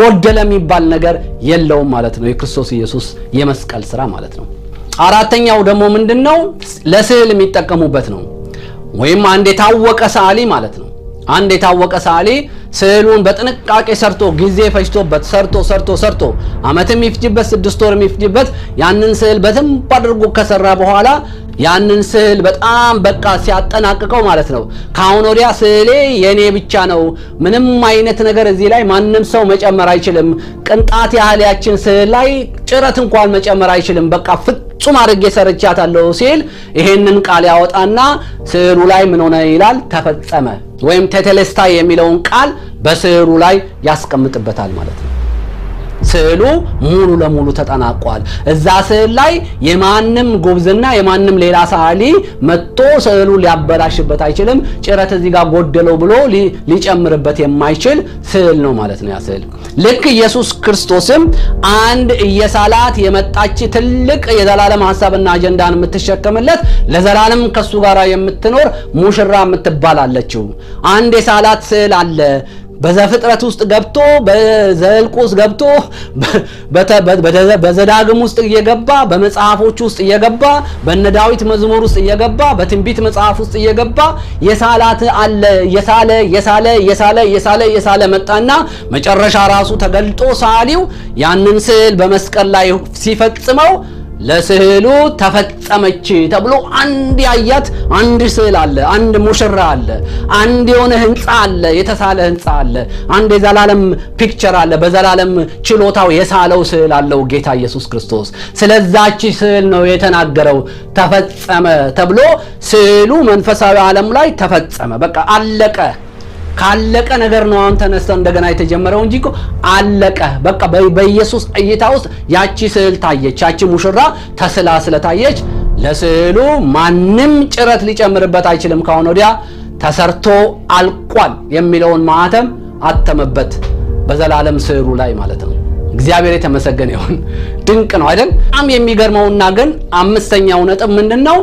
ጎደለ የሚባል ነገር የለውም ማለት ነው። የክርስቶስ ኢየሱስ የመስቀል ስራ ማለት ነው። አራተኛው ደግሞ ምንድን ነው? ለስዕል የሚጠቀሙበት ነው። ወይም አንድ የታወቀ ሰዓሊ ማለት ነው። አንድ የታወቀ ሰዓሊ ስዕሉን በጥንቃቄ ሰርቶ ጊዜ ፈጅቶበት ሰርቶ ሰርቶ ሰርቶ አመት ይፍጅበት ስድስት ወር የሚፍጅበት ያንን ስዕል በትንብ አድርጎ ከሰራ በኋላ ያንን ስዕል በጣም በቃ ሲያጠናቅቀው ማለት ነው ከአሁን ወዲያ ስዕሌ የእኔ ብቻ ነው፣ ምንም አይነት ነገር እዚህ ላይ ማንም ሰው መጨመር አይችልም፣ ቅንጣት ያህል ያችን ስዕል ላይ ጭረት እንኳን መጨመር አይችልም፣ በቃ ፍጹም አድርጌ ሰርቻታለሁ ሲል ይሄንን ቃል ያወጣና ስዕሉ ላይ ምን ሆነ ይላል ተፈጸመ፣ ወይም ቴቴሌስታ የሚለውን ቃል በስዕሉ ላይ ያስቀምጥበታል ማለት ነው። ስዕሉ ሙሉ ለሙሉ ተጠናቋል። እዛ ስዕል ላይ የማንም ጉብዝና የማንም ሌላ ሰዓሊ መጥቶ ስዕሉ ሊያበላሽበት አይችልም። ጭረት እዚህ ጋር ጎደለው ብሎ ሊጨምርበት የማይችል ስዕል ነው ማለት ነው ያ ስዕል። ልክ ኢየሱስ ክርስቶስም አንድ እየሳላት የመጣች ትልቅ የዘላለም ሀሳብና አጀንዳን የምትሸከምለት ለዘላለም ከሱ ጋር የምትኖር ሙሽራ የምትባላለችው አንድ የሳላት ስዕል አለ። በዛ ፍጥረት ውስጥ ገብቶ በዘልቁ ውስጥ ገብቶ በዘዳግም ውስጥ እየገባ በመጽሐፎች ውስጥ እየገባ በነ ዳዊት መዝሙር ውስጥ እየገባ በትንቢት መጽሐፍ ውስጥ እየገባ የሳላት አለ የሳለ የሳለ የሳለ የሳለ የሳለ መጣና መጨረሻ ራሱ ተገልጦ ሳሊው ያንን ስዕል በመስቀል ላይ ሲፈጽመው ለስዕሉ ተፈጸመች ተብሎ አንድ ያያት አንድ ስዕል አለ፣ አንድ ሙሽራ አለ፣ አንድ የሆነ ህንፃ አለ፣ የተሳለ ህንፃ አለ፣ አንድ የዘላለም ፒክቸር አለ። በዘላለም ችሎታው የሳለው ስዕል አለው ጌታ ኢየሱስ ክርስቶስ። ስለዛች ስዕል ነው የተናገረው። ተፈጸመ ተብሎ ስዕሉ መንፈሳዊ ዓለም ላይ ተፈጸመ፣ በቃ አለቀ። ካለቀ ነገር ነው አሁን ተነስተው እንደገና የተጀመረው እንጂ እኮ አለቀ። በቃ በኢየሱስ እይታ ውስጥ ያቺ ስዕል ታየች። ያቺ ሙሽራ ተስላ ስለታየች ለስዕሉ ማንም ጭረት ሊጨምርበት አይችልም። ካሁን ወዲያ ተሰርቶ አልቋል የሚለውን ማህተም አተመበት በዘላለም ስዕሉ ላይ ማለት ነው። እግዚአብሔር የተመሰገነ ይሁን። ድንቅ ነው አይደል? በጣም የሚገርመውና ግን አምስተኛው ነጥብ ምንድን ነው?